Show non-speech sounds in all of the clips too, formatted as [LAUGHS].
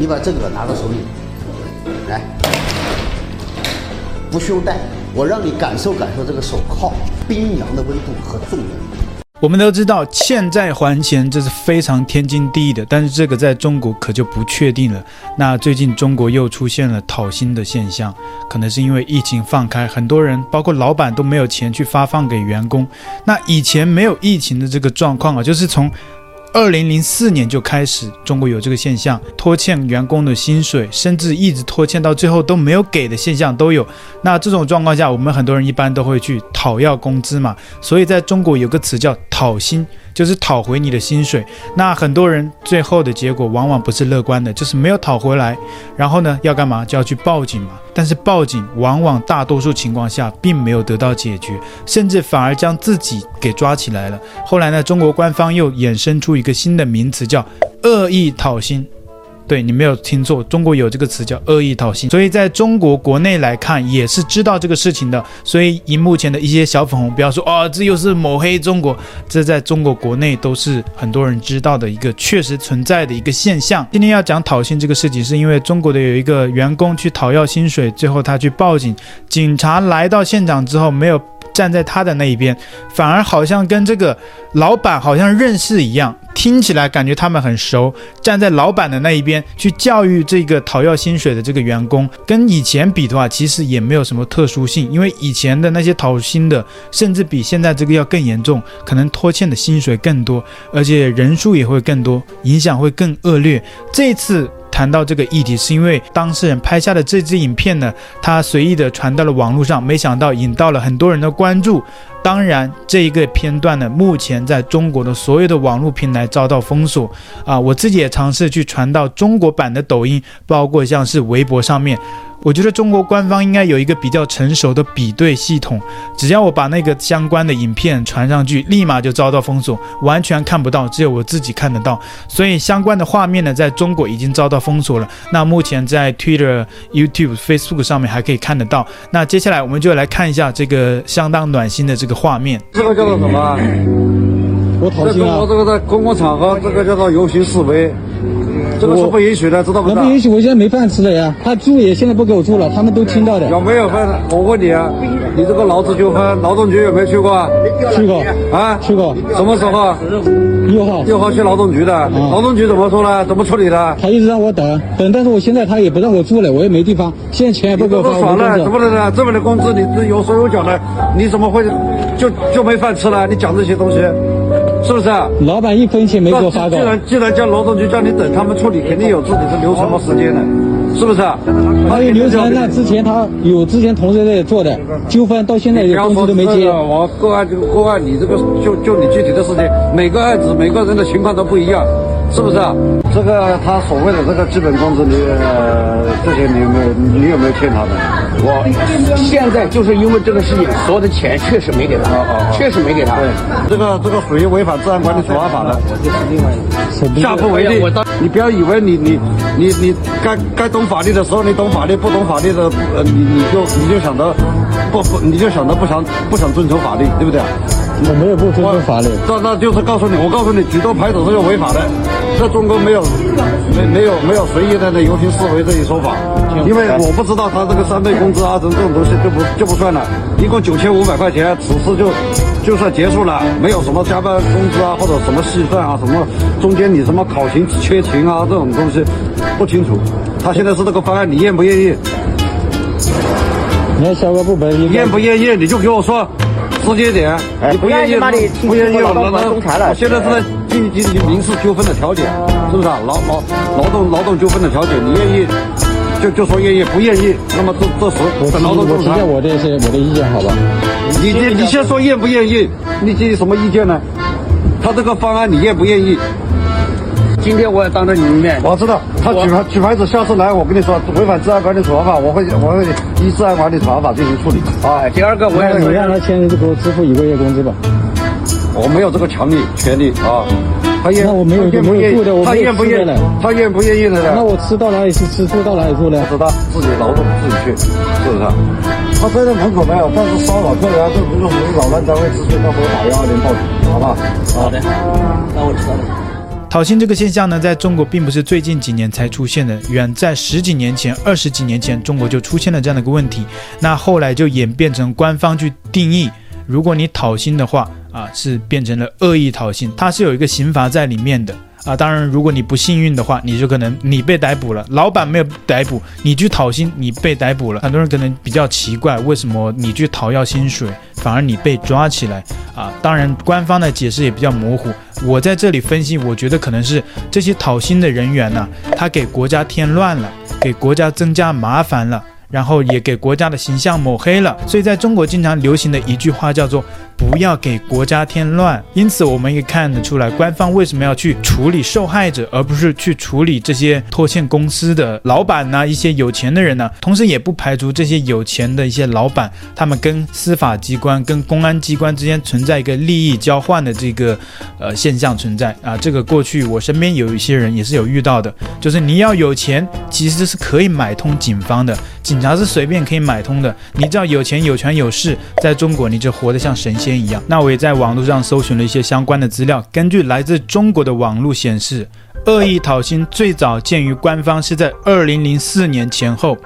你把這個拿到手裡來，不需要戴，我讓你感受感受這個手銬冰涼的溫度和重量。我們都知道欠債還錢這是非常天經地義的，但是這個在中國可就不確定了。那最近中國又出現了討薪的現象，可能是因為疫情放開，很多人包括老板都沒有錢去發放給員工。那以前沒有疫情的這個狀況啊，就是從。二零零四年就開始，中國有這個現象，拖欠員工的薪水，甚至一直拖欠到最後都沒有給的現象都有。那這種狀況下，我們很多人一般都會去討要工資嘛，所以在中國有個詞叫“討薪”。就是討回你的薪水，那很多人最後的結果往往不是樂觀的，就是沒有討回來。然後呢，要幹嘛？就要去報警嘛。但是報警往往大多數情況下並沒有得到解決，甚至反而將自己給抓起來了。後來呢，中國官方又衍生出一個新的名詞，叫惡意討薪。對，你沒有聽錯，中國有這個詞叫惡意討薪，所以在中國國內來看也是知道這個事情的。所以以目前的一些小粉紅，不要說啊、哦，這又是抹黑中國，這在中國國內都是很多人知道的一個確實存在的一個現象。今天要講討薪這個事情，是因為中國的有一個員工去討要薪水，最後他去報警，警察來到現場之後沒有。站在他的那一邊，反而好像跟這個老闆好像認識一樣，聽起來感覺他們很熟。站在老闆的那一邊去教育這個討要薪水的這個員工，跟以前比的話，其實也沒有什麼特殊性。因為以前的那些討薪的，甚至比現在這個要更嚴重，可能拖欠的薪水更多，而且人數也會更多，影響會更惡劣。這次。談到這個議題，是因為當事人拍下的這支影片呢，他隨意的傳到了網絡上，沒想到引到了很多人的關注。當然，這一個片段呢，目前在中國的所有的網絡平台遭到封鎖啊，我自己也嘗試去傳到中國版的抖音，包括像是微博上面。我覺得中國官方應該有一個比較成熟的比對系統，只要我把那個相關的影片傳上去，立馬就遭到封鎖，完全看不到，只有我自己看得到。所以相關的畫面呢，在中國已經遭到封鎖了。那目前在 Twitter、YouTube、Facebook 上面還可以看得到。那接下來我們就來看一下這個相當暖心的這個畫面。這個叫做什麼？我討厭中國這個在公共場合，這個叫做遊行示威。這個是不允許的，知道不、啊？我不允許，我現在沒飯吃了呀。他住也現在不給我住了，他們都聽到的。有沒有飯？我問你啊，你這個勞資糾紛，勞動局有沒有去過？去過啊，去過。什麼時候？六號。六號去勞動局的，勞動局的、啊。勞動局怎麼說呢？怎麼處理的、啊？他一直讓我等，等，但是我現在他也不讓我住了，我也沒地方。現在錢也不給我發工資怎麼了？這邊的工資你是有手有腳的，你怎麼會就就，就沒飯吃了？你講這些東西。是不是？啊？老闆一分錢沒給我發過。既然既然叫勞動局叫你等他們處理，肯定有自己的流程和時間的，是不是？啊？還有流程，那之前他有之前同事在做的糾紛，到現在工資都沒結，這個。我個案就個案，你這個就就你具體的事情，每個案子每個人的情況都不一樣，是不是？啊？這個他所謂的這個基本工資，你、呃、這些你有沒有？你有沒有欠他的？我現在就是因為這個事情，所有的錢確實沒給他，確實沒給他、哦哦哦，確實沒給他。對，這個這個屬於違反治安管理處罰法，法的。我就是另外一個下不為例。你不要以為你你你你該該懂法律的時候你懂法律，不懂法律的呃你你就你就想着不不你就想着不想不想遵守法律，對不對？我沒有不遵守法律。那那就是告訴你，我告訴你，舉着牌子都是違法的，在中國沒有沒沒有沒有隨意的那遊行示威這一說法。因為我不知道他這個三倍工資啊、啊這種東西就不就不算了，一共九千五百塊錢，此事就就算結束了，沒有什麼加班工資啊或者什麼細算啊什麼，中間你什麼考勤缺勤啊這種東西不清楚。他現在是這個方案，你願不願意？你小哥不買，你願不願意？你就給我說，直接點。你不願意，哎、不願意，不願意你我那那我，我，我現在正在進進行民事糾紛的調解，是不是啊？勞勞勞動勞動糾紛的調解，你願意？就就說願意不願意，那麼這這時我是我是我提下我的一些我，我，我，我，我，我的意見好吧？你你先說願不願意？你有什麼意見呢？他這個方案你願不願意？今天我也當着你一面，我知道他舉牌舉牌子，下次來我跟你說違反治安管理處罰法，我會我會依治安管理處罰法進行處理。哎、啊，第二個我也、這個，你讓他簽，先給我支付一個月工資吧，我沒有這個權力權利權利啊。他願，那我沒有他願不願沒有住的，我吃不下了。他願不願意了願願、啊？那我吃到哪裡是吃住到哪裡住呢？他是他自己勞動自己去，是不是？他在門口沒有，但是騷擾客人，這如果我們擾亂單位秩序，到時候打幺二零報警，好不好？好的，那我知道了。討薪這個現象呢，在中國並不是最近幾年才出現的，遠在十幾年前、二十幾年前，中國就出現了這樣的一個問題。那後來就演變成官方去定義，如果你討薪的話。啊，是變成了惡意討薪，它是有一個刑罰在裡面的啊。當然，如果你不幸運的話，你就可能你被逮捕了，老板沒有逮捕你去討薪，你被逮捕了。很多人可能比較奇怪，為什麼你去討要薪水，反而你被抓起來啊？當然，官方的解釋也比較模糊。我在這裡分析，我覺得可能是這些討薪的人員呢啊，他給國家添亂了，給國家增加麻煩了，然後也給國家的形象抹黑了。所以，在中國經常流行的一句話叫做，不要給國家添亂，因此我們也看得出來，官方為什麼要去處理受害者，而不是去處理這些拖欠公司的老板吶、啊，一些有錢的人呢、啊？同時也不排除這些有錢的一些老板，他們跟司法機關、跟公安機關之間存在一個利益交換的這個，呃現象存在啊。這個過去我身邊有一些人也是有遇到的，就是你要有錢，其實是可以買通警方的，警察是隨便可以買通的。你只要有錢、有權、有勢，在中國你就活得像神仙。那我也在網絡上搜尋了一些相關的資料。根據來自中國的網絡顯示，惡意討薪最早見於官方是在二零零四年前後。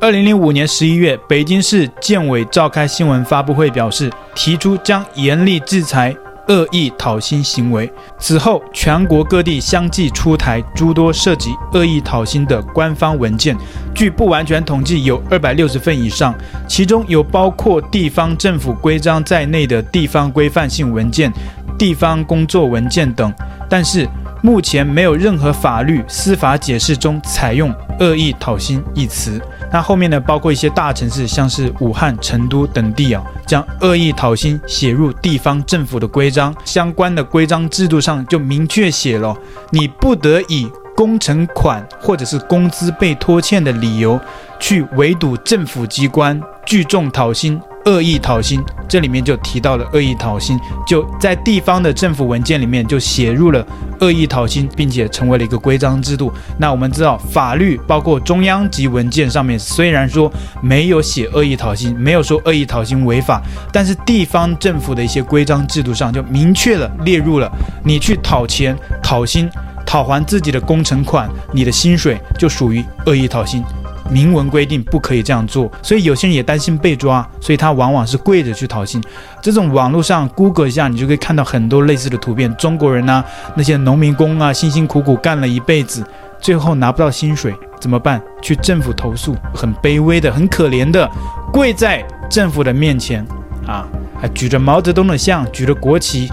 二零零五年十一月，北京市建委召開新聞發布會，表示提出將嚴厲制裁。惡意討薪行為。此後，全國各地相繼出台諸多涉及惡意討薪的官方文件，據不完全統計，有二百六十份以上，其中有包括地方政府規章在內的地方規範性文件、地方工作文件等。但是，目前沒有任何法律司法解釋中採用“惡意討薪”一詞。那後面呢？包括一些大城市，像是武漢、成都等地啊、哦，將“惡意討薪”寫入地方政府的規章相關的規章制度上，就明確寫了、哦：你不得以工程款或者是工資被拖欠的理由，去圍堵政府機關、聚眾討薪。惡意討薪，這裡面就提到了惡意討薪，就在地方的政府文件裡面就寫入了惡意討薪，並且成為了一個規章制度。那我們知道，法律包括中央級文件上面雖然說沒有寫惡意討薪，沒有說惡意討薪違法，但是地方政府的一些規章制度上就明確了列入了，你去討錢、討薪、討還自己的工程款、你的薪水，就屬於惡意討薪。明文規定不可以這樣做，所以有些人也擔心被抓，所以他往往是跪着去討薪。這種網絡上 Google 一下，你就可以看到很多類似的圖片。中國人呢、啊，那些農民工啊，辛辛苦苦幹了一輩子，最後拿不到薪水怎麼辦？去政府投訴，很卑微的，很可憐的，跪在政府的面前啊，還舉着毛澤東的像，舉着國旗。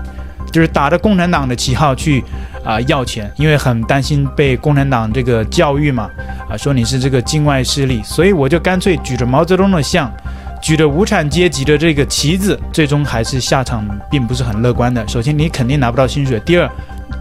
就是打着共產黨的旗號去啊、呃、要錢，因為很擔心被共產黨這個教育嘛，啊、呃、說你是這個境外勢力，所以我就乾脆舉着毛澤東的像，舉着無產階級的這個旗子，最終還是下場並不是很樂觀的。首先，你肯定拿不到薪水；第二，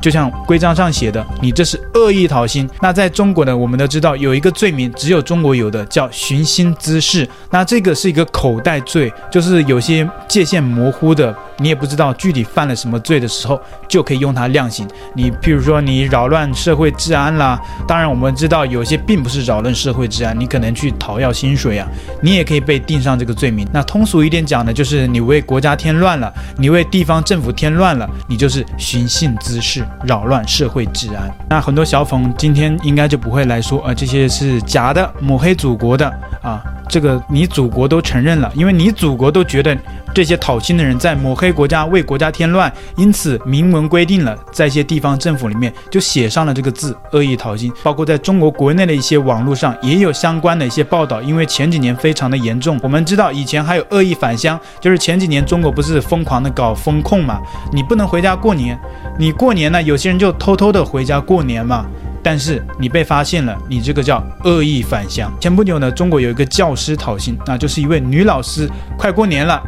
就像規章上寫的，你這是惡意討薪。那在中國呢，我們都知道有一個罪名，只有中國有的叫尋釁滋事，那這個是一個口袋罪，就是有些界限模糊的。你也不知道具體犯了什麼罪的時候，就可以用它量刑。你譬如說你擾亂社會治安啦，當然我們知道有些並不是擾亂社會治安，你可能去討要薪水啊，你也可以被定上這個罪名。那通俗一點講呢，就是你為國家添亂了，你為地方政府添亂了，你就是尋釁滋事，擾亂社會治安。那很多小粉今天應該就不會來說，啊，這些是假的，抹黑祖國的啊，這個你祖國都承認了，因為你祖國都覺得這些討薪的人在抹黑。國家為國家添亂，因此明文規定了，在一些地方政府裡面就寫上了這個字“惡意討薪”，包括在中國國內的一些網絡上也有相關的一些報道。因為前幾年非常的嚴重，我們知道以前還有惡意返鄉，就是前幾年中國不是瘋狂的搞封控嘛，你不能回家過年，你過年呢有些人就偷偷的回家過年嘛，但是你被發現了，你這個叫惡意返鄉。前不久呢，中國有一個教師討薪，那就是一位女老師，快過年了。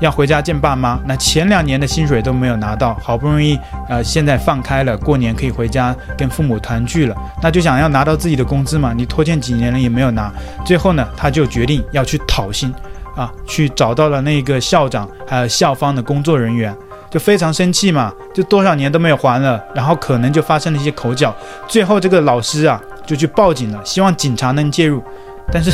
要回家見爸媽，那前兩年的薪水都沒有拿到，好不容易，呃，現在放開了，過年可以回家跟父母團聚了，那就想要拿到自己的工資嘛。你拖欠幾年了也沒有拿，最後呢，他就決定要去討薪，啊，去找到了那個校長還有校方的工作人員，就非常生氣嘛，就多少年都沒有還了，然後可能就發生了一些口角，最後這個老師啊就去報警了，希望警察能介入。但是，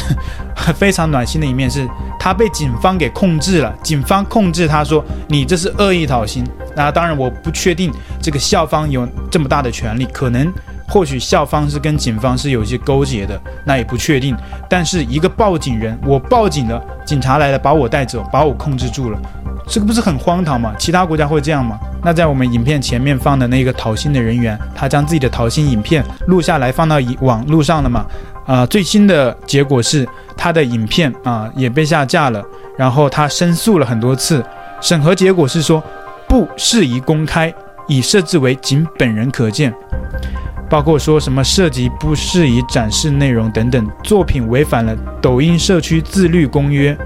非常暖心的一面是，他被警方給控制了。警方控制他說，說你這是惡意討薪。那、啊、當然，我不確定這個校方有這麼大的權力，可能或許校方是跟警方是有些勾結的，那也不確定。但是一個報警人，我報警了，警察來了，把我帶走，把我控制住了，這個不是很荒唐嗎？其他國家會這樣嗎？那在我們影片前面放的那個討薪的人員，他將自己的討薪影片錄下來放到網路上了嗎？啊，最新的結果是他的影片，啊也被下架了，然後他申訴了很多次，審核結果是說不適宜公開，已設置為僅本人可見，包括說什麼涉及不適宜展示內容等等，作品違反了抖音社區自律公約。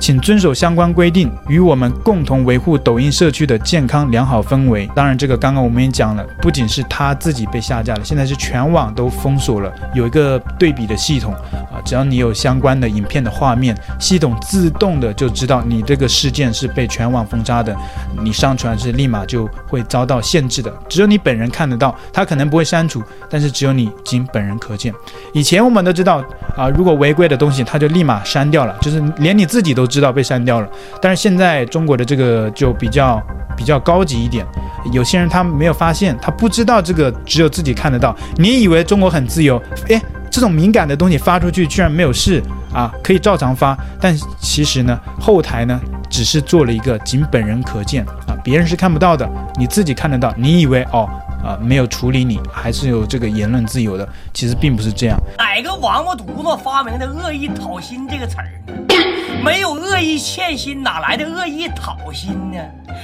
請遵守相關規定，與我們共同維護抖音社區的健康良好氛圍。當然，這個剛剛我們也講了，不僅是他自己被下架了，現在是全網都封鎖了。有一個對比的系統啊，只要你有相關的影片的畫面，系統自動的就知道你這個事件是被全網封殺的，你上傳是立馬就會遭到限制的。只有你本人看得到，他可能不會刪除，但是只有你僅本人可見。以前我們都知道啊，如果違規的東西，他就立馬刪掉了，就是連你自己都。知道被刪掉了，但是現在中國的這個就比較比較高級一點，有些人他沒有發現，他不知道這個只有自己看得到。你以為中國很自由，誒？這種敏感的東西發出去居然沒有事啊，可以照常發。但其實呢，後台呢只是做了一個僅本人可見啊，別人是看不到的，你自己看得到。你以為哦啊、呃、沒有處理你，還是有這個言論自由的，其實並不是這樣。哪個王八犢子發明的惡意討薪這個詞兒呢？沒有惡意欠薪，哪來的惡意討薪呢？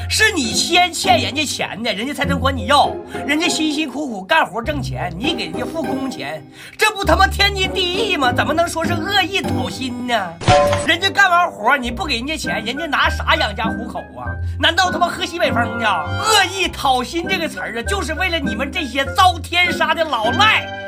是你先欠人家錢的，人家才能管你要。人家辛辛苦苦幹活掙錢，你給人家付工錢，這不他媽天經地義嗎？怎麼能說是惡意討薪呢？人家幹完活，你不給人家錢，人家拿啥養家糊口啊？難道他媽喝西北風呢？惡意討薪這個詞兒啊，就是為了你們這些遭天殺的老賴！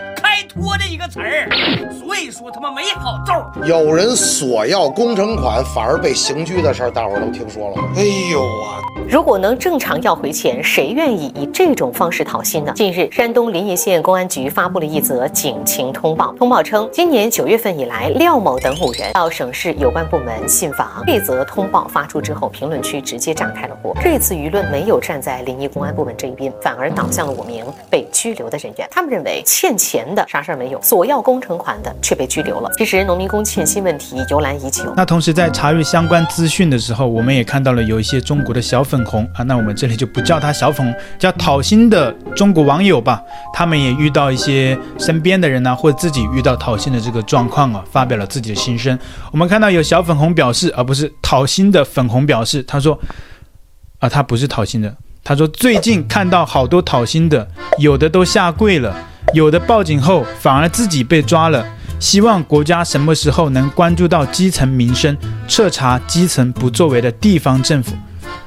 拖着一個詞兒，所以說他媽沒好招。有人索要工程款反而被刑拘的事兒，大夥兒都聽說了嗎？哎呦啊！如果能正常要回錢，誰願意以這種方式討薪呢？近日，山東臨沂縣公安局發布了一則警情通報，通報稱，今年九月份以來，廖某等五人到省市有關部門信訪。這則通報發出之後，評論區直接炸開了鍋。這次輿論沒有站在臨沂公安部門這一邊，反而倒向了五名被拘留的人員。他們認為欠錢的啥事兒沒有，索要工程款的卻被拘留了。其實農民工欠薪問題由來已久。那同時在查閱相關資訊的時候，我們也看到了有一些中國的小粉紅啊，那我們這裡就不叫他小粉紅，叫討薪的中國網友吧。他們也遇到一些身邊的人呢、啊，或自己遇到討薪的這個狀況啊，發表了自己的心聲。我們看到有小粉紅表示，而不是討薪的粉紅表示，他說啊，他不是討薪的。他說最近看到好多討薪的，有的都下跪了。有的報警後反而自己被抓了，希望國家什麼時候能關注到基層民生，徹查基層不作為的地方政府。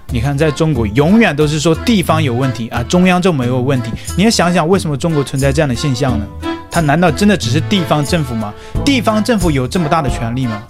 你看，在中國永遠都是說地方有問題啊，中央就沒有問題。你要想想，為什麼中國存在這樣的現象呢？它難道真的只是地方政府嗎？地方政府有這麼大的權利嗎？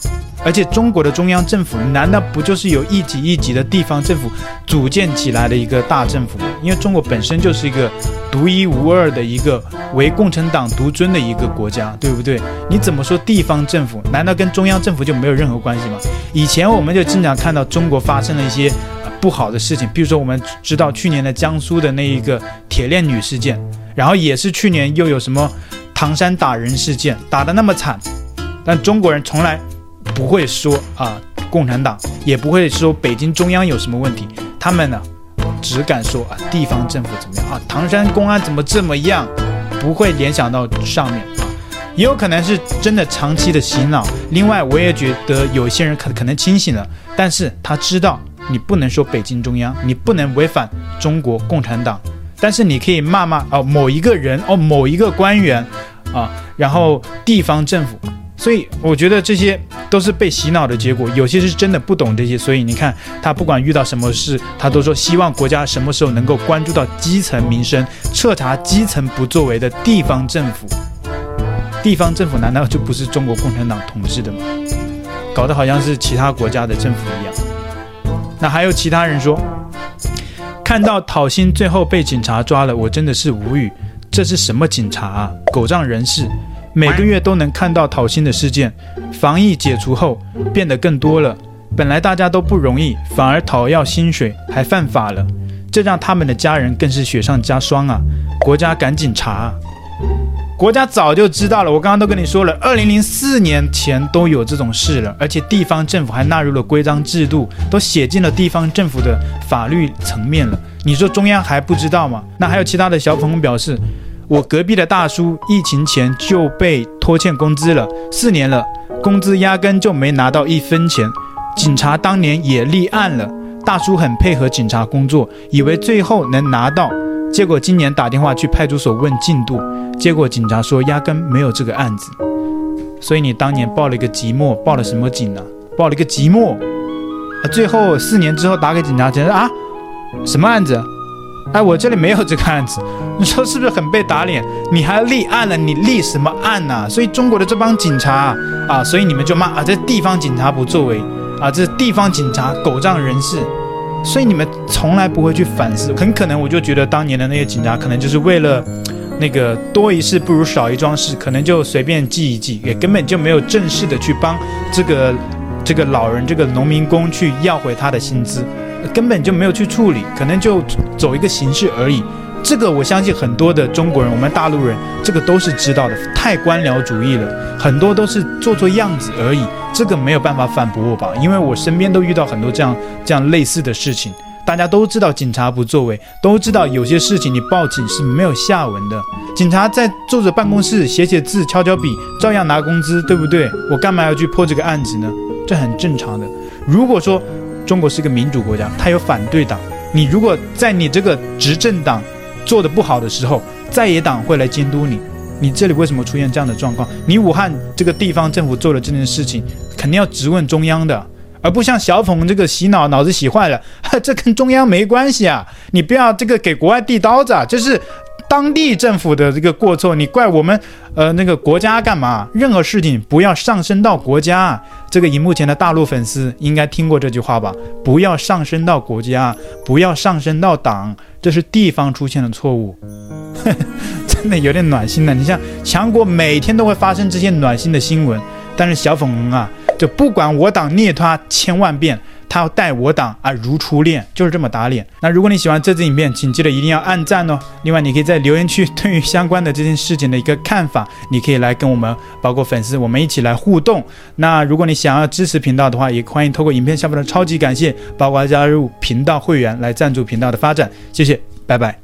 而且中國的中央政府難道不就是由一級一級的地方政府組建起來的一個大政府嗎？因為中國本身就是一個獨一無二的、一個唯共產黨獨尊的一個國家，對不對？你怎麼說地方政府？難道跟中央政府就沒有任何關係嗎？以前我們就經常看到中國發生了一些不好的事情，比如說我們知道去年的江蘇的那一個鐵鏈女事件，然後也是去年又有什麼唐山打人事件，打得那麼慘，但中國人從來，不會說啊，共產黨也不會說北京中央有什麼問題，他們呢只敢說啊，地方政府怎麼樣啊，唐山公安怎麼這麼樣，不會聯想到上面啊，也有可能是真的長期的洗腦。另外，我也覺得有些人可可能清醒了，但是他知道你不能說北京中央，你不能違反中國共產黨，但是你可以罵罵啊、哦、某一個人哦，某一個官員啊，然後地方政府。所以我覺得這些都是被洗腦的結果，有些是真的不懂這些。所以你看，他不管遇到什麼事，他都說希望國家什麼時候能夠關注到基層民生，徹查基層不作為的地方政府。地方政府難道就不是中國共產黨統治的嗎？搞得好像是其他國家的政府一樣。那還有其他人說，看到討薪最後被警察抓了，我真的是無語，這是什麼警察啊？狗仗人勢。每個月都能看到討薪的事件，防疫解除後變得更多了。本來大家都不容易，反而討要薪水還犯法了，這讓他們的家人更是雪上加霜啊！國家趕緊查！國家早就知道了，我剛剛都跟你說了，二零零四年前都有這種事了，而且地方政府還納入了規章制度，都寫進了地方政府的法律層面了。你說中央還不知道嗎？那還有其他的小粉紅表示。我隔壁的大叔，疫情前就被拖欠工資了，四年了，工資壓根就沒拿到一分錢。警察當年也立案了，大叔很配合警察工作，以為最後能拿到，結果今年打電話去派出所問進度，結果警察說壓根沒有這個案子。所以你當年報了一個寂寞，報了什麼警呢、啊？報了一個寂寞。最後四年之後打給警察，警察說啊，什麼案子？哎，我這裡沒有這個案子，你說是不是很被打臉？你還立案了，你立什麼案呢、啊？所以中國的這幫警察啊，所以你們就罵啊，這地方警察不作為啊，這地方警察狗仗人勢，所以你們從來不會去反思。很可能我就覺得當年的那些警察，可能就是為了那個多一事不如少一樁事，可能就隨便記一記，也根本就沒有正式的去幫這個這個老人、這個農民工去要回他的薪資。根本就沒有去處理，可能就走一個形式而已。這個我相信很多的中國人，我們大陸人，這個都是知道的。太官僚主義了，很多都是做做樣子而已。這個沒有辦法反駁我吧？因為我身邊都遇到很多這樣這樣類似的事情，大家都知道警察不作為，都知道有些事情你報警是沒有下文的。警察在坐着辦公室寫寫寫字，敲敲筆，照樣拿工資，對不對？我幹嘛要去破這個案子呢？這很正常的。如果說。中國是一個民主國家，它有反對黨。你如果在你這個執政黨做得不好的時候，在野黨會來監督你。你這裡為什麼出現這樣的狀況？你武漢這個地方政府做了這件事情，肯定要質問中央的，而不像小馮這個洗腦腦子洗壞了，這跟中央沒關係啊！你不要這個給國外遞刀子，啊，這是。當地政府的這個過錯，你怪我們，呃，那個國家幹嘛？任何事情不要上升到國家。這個熒幕前的大陸粉絲應該聽過這句話吧？不要上升到國家，不要上升到黨，這是地方出現的錯誤。 [LAUGHS] 真的有點暖心了。你像強國每天都會發生這些暖心的新聞，但是小粉紅啊，就不管我黨虐他千萬遍。他要帶我擋啊，如初戀，就是這麼打臉。那如果你喜歡這支影片，請記得一定要按讚哦。另外，你可以在留言區對於相關的這件事情的一個看法，你可以來跟我們，包括粉絲，我們一起來互動。那如果你想要支持頻道的話，也歡迎透過影片下方的超級感謝，包括加入頻道會員來贊助頻道的發展。謝謝，拜拜。